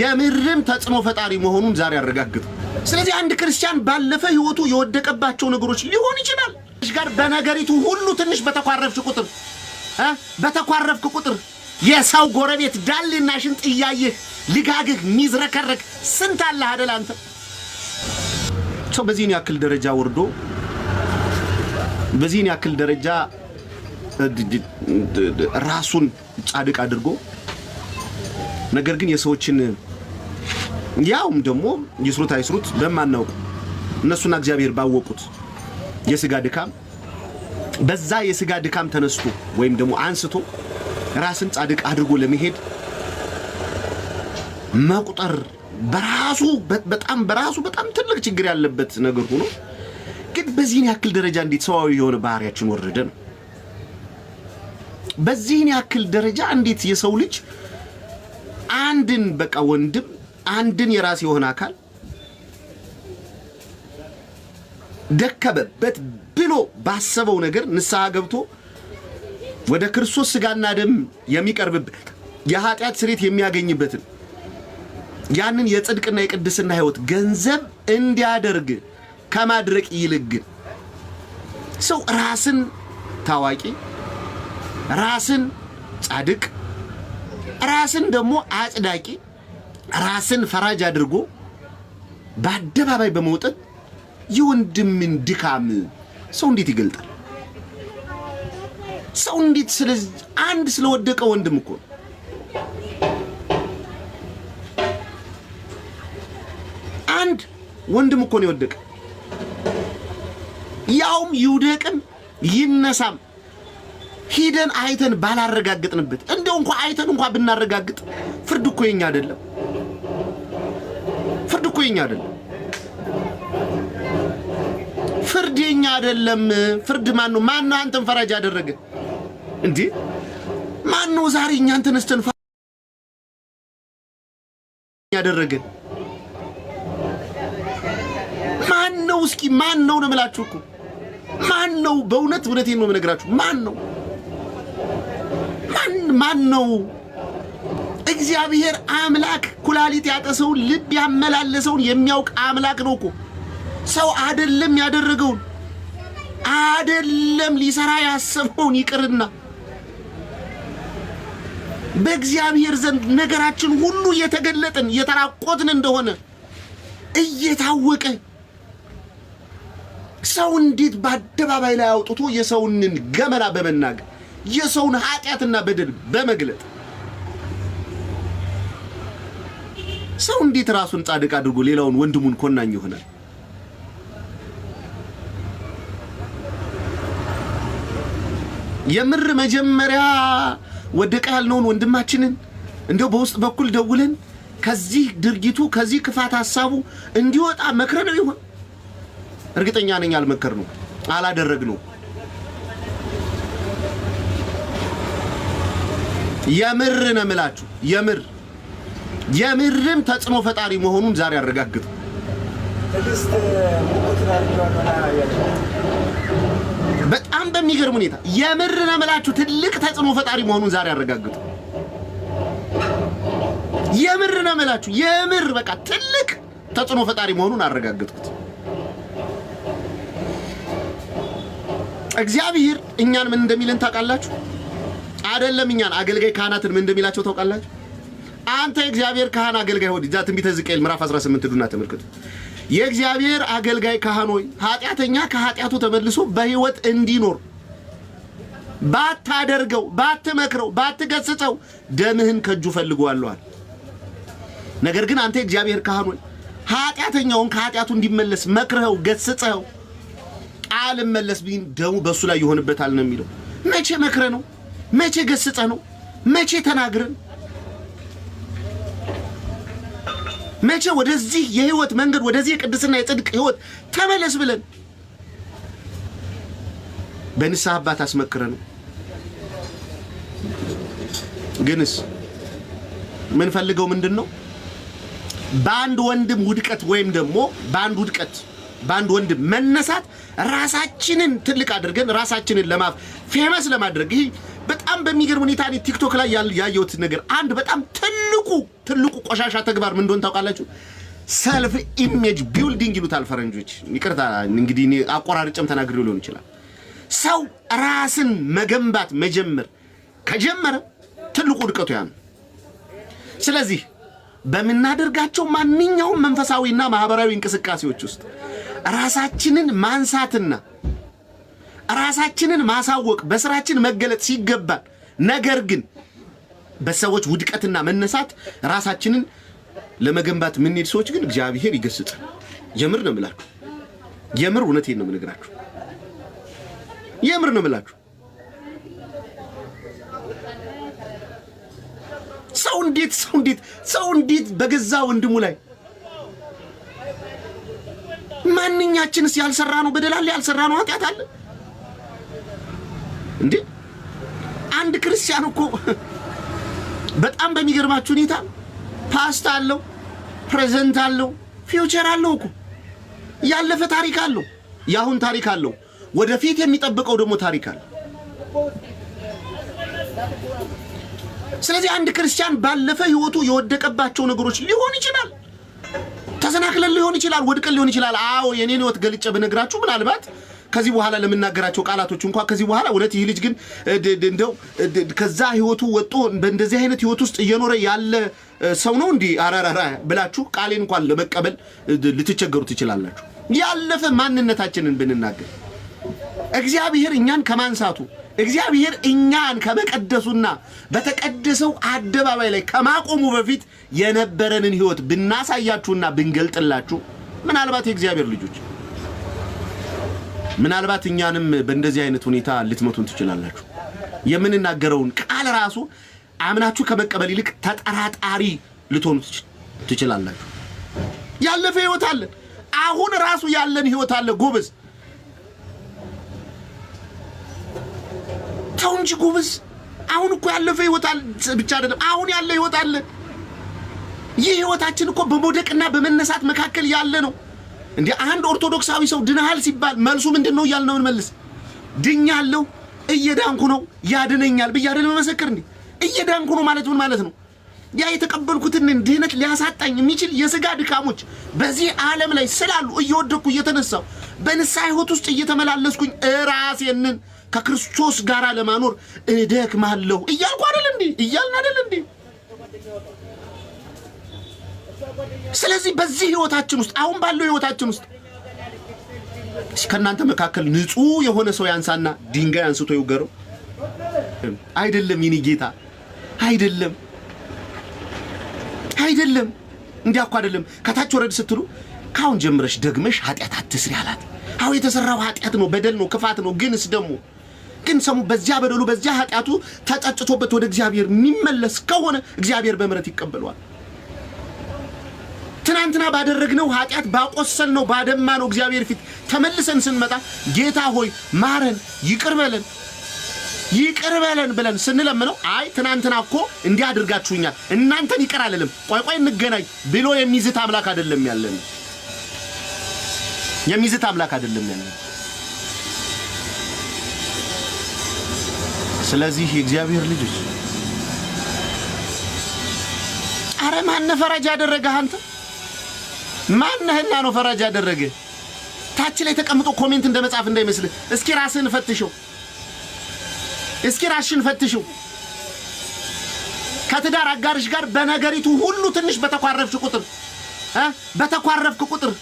የምርም ተጽዕኖ ፈጣሪ መሆኑን ዛሬ አረጋግጥ። ስለዚህ አንድ ክርስቲያን ባለፈ ህይወቱ የወደቀባቸው ነገሮች ሊሆን ይችላል ጋር በነገሪቱ ሁሉ ትንሽ በተኳረፍሽ ቁጥር በተኳረፍክ ቁጥር የሰው ጎረቤት ዳሌና ሽንጥ እያየህ ልጋግህ ሚዝረከረክ ስንት አለ አደል አንተ ሰው በዚህን ያክል ደረጃ ወርዶ በዚህን ያክል ደረጃ ራሱን ጻድቅ አድርጎ ነገር ግን የሰዎችን ያውም ደግሞ ይስሩት አይስሩት በማናውቁ እነሱና እግዚአብሔር ባወቁት የስጋ ድካም በዛ የስጋ ድካም ተነስቶ ወይም ደግሞ አንስቶ ራስን ጻድቅ አድርጎ ለመሄድ መቁጠር በራሱ በጣም በራሱ በጣም ትልቅ ችግር ያለበት ነገር ሆኖ ግን በዚህን ያክል ደረጃ እንዴት ሰዋዊ የሆነ ባህሪያችን ወረደ ነው። በዚህን ያክል ደረጃ እንዴት የሰው ልጅ አንድን በቃ ወንድም አንድን የራስ የሆነ አካል ደከበበት ብሎ ባሰበው ነገር ንስሐ ገብቶ ወደ ክርስቶስ ስጋና ደም የሚቀርብበት የኃጢአት ስሬት የሚያገኝበትን ያንን የጽድቅና የቅድስና ህይወት ገንዘብ እንዲያደርግ ከማድረግ ይልቅ ግን ሰው ራስን ታዋቂ፣ ራስን ጻድቅ፣ ራስን ደግሞ አጽዳቂ ራስን ፈራጅ አድርጎ በአደባባይ በመውጠት የወንድምን ድካም ሰው እንዴት ይገልጣል? ሰው እንዴት ስለዚህ አንድ ስለወደቀ ወንድም እኮ አንድ ወንድም እኮ ነው የወደቀ። ያውም ይውደቅም ይነሳም ሂደን አይተን ባላረጋገጥንበት፣ እንደው እንኳ አይተን እንኳ ብናረጋግጥ ፍርድ እኮ የኛ አይደለም። እኮ የኛ አይደለም። ፍርድ የኛ አይደለም። ፍርድ ማን ነው? ማን ነው አንተን ፈራጅ ያደረገ? እንዴ ማን ነው ዛሬ እኛን ተነስተን ያደረገን ማን ነው? እስኪ ማን ነው ነው የምላችሁ እኮ ማን ነው? በእውነት እውነቴን ነው የምነግራችሁ። ማን ነው ማን ማን ነው እግዚአብሔር አምላክ ኩላሊት ያጠሰውን ልብ ያመላለሰውን የሚያውቅ አምላክ ነው እኮ። ሰው አደለም ያደረገውን አደለም ሊሰራ ያሰበውን ይቅርና በእግዚአብሔር ዘንድ ነገራችን ሁሉ እየተገለጥን እየተራቆትን እንደሆነ እየታወቀ ሰው እንዴት በአደባባይ ላይ አውጥቶ የሰውንን ገመና በመናገር የሰውን ኃጢአትና በደል በመግለጥ ሰው እንዴት ራሱን ጻድቅ አድርጎ ሌላውን ወንድሙን ኮናኝ ይሆናል? የምር መጀመሪያ ወደቀ ያልነውን ወንድማችንን እንደው በውስጥ በኩል ደውለን ከዚህ ድርጊቱ ከዚህ ክፋት ሀሳቡ እንዲወጣ መክረ ነው ይሆን? እርግጠኛ ነኝ አልመከር ነው አላደረግ ነው። የምር ነው የምላችሁ የምር የምርም ተጽዕኖ ፈጣሪ መሆኑን ዛሬ አረጋግጥ። በጣም በሚገርም ሁኔታ የምር ነመላችሁ ትልቅ ተጽዕኖ ፈጣሪ መሆኑን ዛሬ አረጋግጡ። የምር ነመላችሁ የምር በቃ ትልቅ ተጽዕኖ ፈጣሪ መሆኑን አረጋግጡት። እግዚአብሔር እኛን ምን እንደሚልን ታውቃላችሁ? አይደለም እኛን አገልጋይ ካህናትን ምን እንደሚላቸው ታውቃላችሁ? አንተ የእግዚአብሔር ካህን አገልጋይ ሆይ፣ እዛ ትንቢተ ሕዝቅኤል ምዕራፍ 18 ዱና ተመልከቱ። የእግዚአብሔር አገልጋይ ካህን ሆይ፣ ኃጢአተኛ ከኃጢአቱ ተመልሶ በሕይወት እንዲኖር ባታደርገው፣ ባትመክረው፣ ባትገስጸው ደምህን ከእጁ ፈልገዋለዋል። ነገር ግን አንተ የእግዚአብሔር ካህን ሆይ፣ ኃጢአተኛውን ከኃጢአቱ እንዲመለስ መክረኸው፣ ገስጸኸው አልመለስ ቢን ደሙ በእሱ ላይ ይሆንበታል ነው የሚለው። መቼ መክረ ነው? መቼ ገስጸ ነው? መቼ ተናግረን መቼ ወደዚህ የህይወት መንገድ ወደዚህ የቅድስና የጽድቅ ህይወት ተመለስ ብለን በንስሐ አባት አስመክረ ነው። ግንስ ምንፈልገው ምንድን ነው? በአንድ ወንድም ውድቀት ወይም ደግሞ በአንድ ውድቀት በአንድ ወንድም መነሳት ራሳችንን ትልቅ አድርገን ራሳችንን ለማፍ ፌመስ ለማድረግ ይህ በጣም በሚገርም ሁኔታ እኔ ቲክቶክ ላይ ያየሁት ነገር አንድ በጣም ትልቁ ትልቁ ቆሻሻ ተግባር ምን እንደሆነ ታውቃላችሁ? ሰልፍ ኢሜጅ ቢውልዲንግ ይሉታል ፈረንጆች። ይቅርታ እንግዲህ አቆራርጬም ተናግሬው ሊሆን ይችላል። ሰው ራስን መገንባት መጀመር ከጀመረ ትልቁ ውድቀቱ ያ ነው። ስለዚህ በምናደርጋቸው ማንኛውም መንፈሳዊና ማህበራዊ እንቅስቃሴዎች ውስጥ ራሳችንን ማንሳትና ራሳችንን ማሳወቅ በስራችን መገለጥ ሲገባል ነገር ግን በሰዎች ውድቀትና መነሳት ራሳችንን ለመገንባት የምንሄድ ሰዎች ግን እግዚአብሔር ይገስጻል። የምር ነው ምላችሁ፣ የምር እውነቴን ነው የምነግራችሁ። የምር ነው ምላችሁ። ሰው እንዴት ሰው እንዴት ሰው እንዴት በገዛ ወንድሙ ላይ ማንኛችንስ ያልሰራ ነው በደላል ያልሰራ ነው ኃጢአት አለ እንዴ አንድ ክርስቲያን እኮ በጣም በሚገርማችሁ ሁኔታ ፓስት አለው፣ ፕሬዘንት አለው፣ ፊውቸር አለው እኮ ያለፈ ታሪክ አለው፣ የአሁን ታሪክ አለው፣ ወደፊት የሚጠብቀው ደግሞ ታሪክ አለ። ስለዚህ አንድ ክርስቲያን ባለፈ ህይወቱ የወደቀባቸው ነገሮች ሊሆን ይችላል፣ ተሰናክለን ሊሆን ይችላል፣ ወድቀን ሊሆን ይችላል። አዎ የኔን ህይወት ገልጬ ብነግራችሁ ምናልባት ከዚህ በኋላ ለምናገራቸው ቃላቶች እንኳ ከዚህ በኋላ እውነት ይህ ልጅ ግን እንደው ከዛ ህይወቱ ወጦ በእንደዚህ አይነት ህይወት ውስጥ እየኖረ ያለ ሰው ነው እንዲህ አራራራ ብላችሁ ቃሌን እንኳን ለመቀበል ልትቸገሩ ትችላላችሁ። ያለፈ ማንነታችንን ብንናገር እግዚአብሔር እኛን ከማንሳቱ እግዚአብሔር እኛን ከመቀደሱና በተቀደሰው አደባባይ ላይ ከማቆሙ በፊት የነበረንን ህይወት ብናሳያችሁና ብንገልጥላችሁ ምናልባት የእግዚአብሔር ልጆች ምናልባት እኛንም በእንደዚህ አይነት ሁኔታ ልትመቱን ትችላላችሁ። የምንናገረውን ቃል ራሱ አምናችሁ ከመቀበል ይልቅ ተጠራጣሪ ልትሆኑ ትችላላችሁ። ያለፈ ህይወት አለን። አሁን ራሱ ያለን ህይወት አለ። ጎበዝ ተው እንጂ ጎበዝ። አሁን እኮ ያለፈ ህይወት አለ ብቻ አይደለም፣ አሁን ያለ ህይወት አለ። ይህ ህይወታችን እኮ በመውደቅና በመነሳት መካከል ያለ ነው። እንዲህ አንድ ኦርቶዶክሳዊ ሰው ድነሃል ሲባል መልሱ ምንድን ነው እያልን ነው የምንመልስ? ድኛለሁ፣ እየዳንኩ ነው፣ ያድነኛል ብዬ አይደል መመሰክር? እንዴ እየዳንኩ ነው ማለት ምን ማለት ነው? ያ የተቀበልኩትን ድህነት ሊያሳጣኝ የሚችል የስጋ ድካሞች በዚህ ዓለም ላይ ስላሉ እየወደቅኩ እየተነሳው በንስሐ ሕይወት ውስጥ እየተመላለስኩኝ እራሴንን ከክርስቶስ ጋር ለማኖር እደክማለሁ እያልኩ አይደል እንዴ? እያልን አይደል እንዴ? ስለዚህ በዚህ ህይወታችን ውስጥ አሁን ባለው ህይወታችን ውስጥ ከእናንተ መካከል ንጹህ የሆነ ሰው ያንሳና ድንጋይ አንስቶ ይውገረው። አይደለም ይኔ ጌታ አይደለም አይደለም፣ እንዲያ እኮ አይደለም። ከታች ወረድ ስትሉ ካሁን ጀምረሽ ደግመሽ ኃጢአት አትስሪ አላት። አዎ የተሰራው ኃጢአት ነው፣ በደል ነው፣ ክፋት ነው። ግንስ ደግሞ ግን ሰሙ በዚያ በደሉ በዚያ ኃጢአቱ ተጠጭቶበት ወደ እግዚአብሔር የሚመለስ ከሆነ እግዚአብሔር በምሕረት ይቀበለዋል። ትናንትና ባደረግነው ኃጢአት ባቆሰል ነው ባደማ ነው እግዚአብሔር ፊት ተመልሰን ስንመጣ ጌታ ሆይ ማረን፣ ይቅር በለን ይቅር በለን ብለን ስንለምነው አይ ትናንትና እኮ እንዲህ አድርጋችሁኛል እናንተን ይቅር አለልም ቆይ ቆይ እንገናኝ ብሎ የሚዝት አምላክ አይደለም ያለን የሚዝት አምላክ አይደለም ያለን። ስለዚህ የእግዚአብሔር ልጆች አረ ማን ፈራጅ ያደረገህ አንተ? ማነህና ነው ፈራጅ ያደረገ? ታች ላይ ተቀምጦ ኮሜንት እንደ መጻፍ እንዳይመስልህ። እስኪ ራስህን ፈትሽው፣ እስኪ ራስሽን ፈትሽው። ከትዳር አጋርሽ ጋር በነገሪቱ ሁሉ ትንሽ በተኳረፍሽ ቁጥር በተኳረፍክ ቁጥር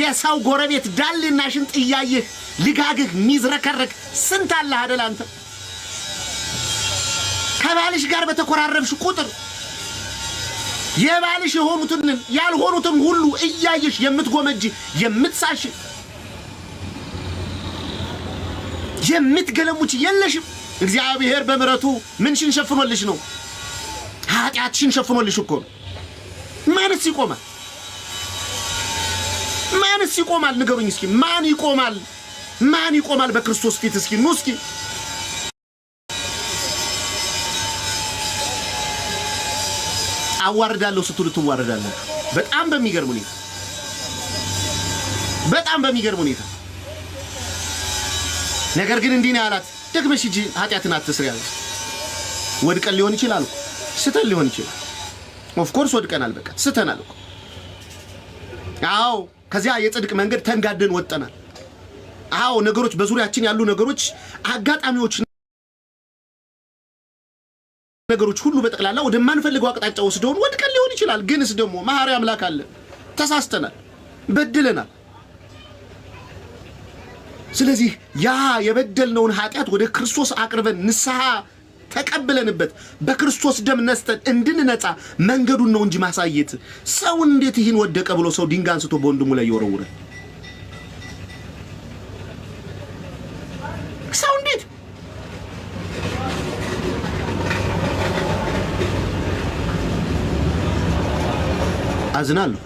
የሰው ጎረቤት ዳሌና ሽንጥ እያየህ ልጋግህ ሚዝረከረክ ስንት አለህ አደል አንተ ከባልሽ ጋር በተኮራረብሽ ቁጥር የባልሽ የሆኑትን ያልሆኑትን ሁሉ እያየሽ የምትጎመጅ የምትሳሽ የምትገለሙች የለሽም። እግዚአብሔር በምሕረቱ ምንሽን ሸፍኖልሽ ነው። ኃጢአትሽን ሸፍኖልሽ እኮ ነው። ማንስ ይቆማል? ማንስ ይቆማል? ንገሩኝ እስኪ ማን ይቆማል? ማን ይቆማል በክርስቶስ ፊት? እስኪ ኑ እስኪ አዋርዳለሁ ስትሉ ትዋረዳላችሁ። በጣም በሚገርም ሁኔታ በጣም በሚገርም ሁኔታ ነገር ግን እንዲህ ነው ያላት፣ ደግመሽ ሂጂ ኃጢአትን አትስሪ ያለ። ወድቀን ሊሆን ይችላል፣ ስተን ሊሆን ይችላል። ኦፍኮርስ ወድቀናል፣ በቃ ስተናል። አዎ ከዚያ የጽድቅ መንገድ ተንጋደን ወጠናል። አዎ ነገሮች፣ በዙሪያችን ያሉ ነገሮች አጋጣሚዎች ነገሮች ሁሉ በጠቅላላ ወደማንፈልገው አቅጣጫ ወስደውን ወድቀን ሊሆን ይችላል። ግንስ ደግሞ መሐሪ አምላክ አለ። ተሳስተናል፣ በድለናል። ስለዚህ ያ የበደልነውን ኃጢአት ወደ ክርስቶስ አቅርበን ንስሐ ተቀብለንበት በክርስቶስ ደም ነስተን እንድንነጻ መንገዱን ነው እንጂ ማሳየት ሰው እንዴት ይህን ወደቀ ብሎ ሰው ድንጋይ አንስቶ በወንድሙ ላይ ይወረውራል? አዝናለሁ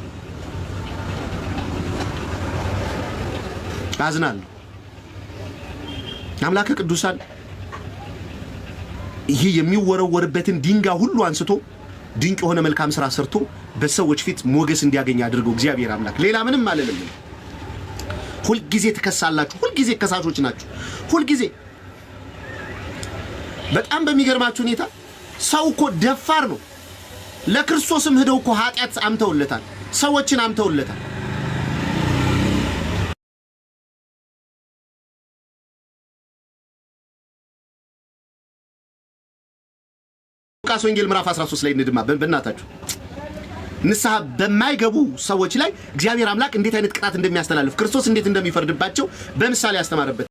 አዝናለሁ። አምላከ ቅዱሳን ይህ የሚወረወርበትን ድንጋይ ሁሉ አንስቶ ድንቅ የሆነ መልካም ስራ ሰርቶ በሰዎች ፊት ሞገስ እንዲያገኝ አድርገው እግዚአብሔር አምላክ። ሌላ ምንም አለልም። ሁልጊዜ ትከሳላችሁ። ሁልጊዜ ከሳሾች ናችሁ። ሁልጊዜ በጣም በሚገርማችሁ ሁኔታ ሰው እኮ ደፋር ነው። ለክርስቶስም ሄደው እኮ ኃጢአት አምተውለታል፣ ሰዎችን አምተውለታል። ሉቃስ ወንጌል ምዕራፍ 13 ላይ እንድማ በእናታችሁ ንስሐ በማይገቡ ሰዎች ላይ እግዚአብሔር አምላክ እንዴት አይነት ቅጣት እንደሚያስተላልፍ ክርስቶስ እንዴት እንደሚፈርድባቸው በምሳሌ ያስተማረበት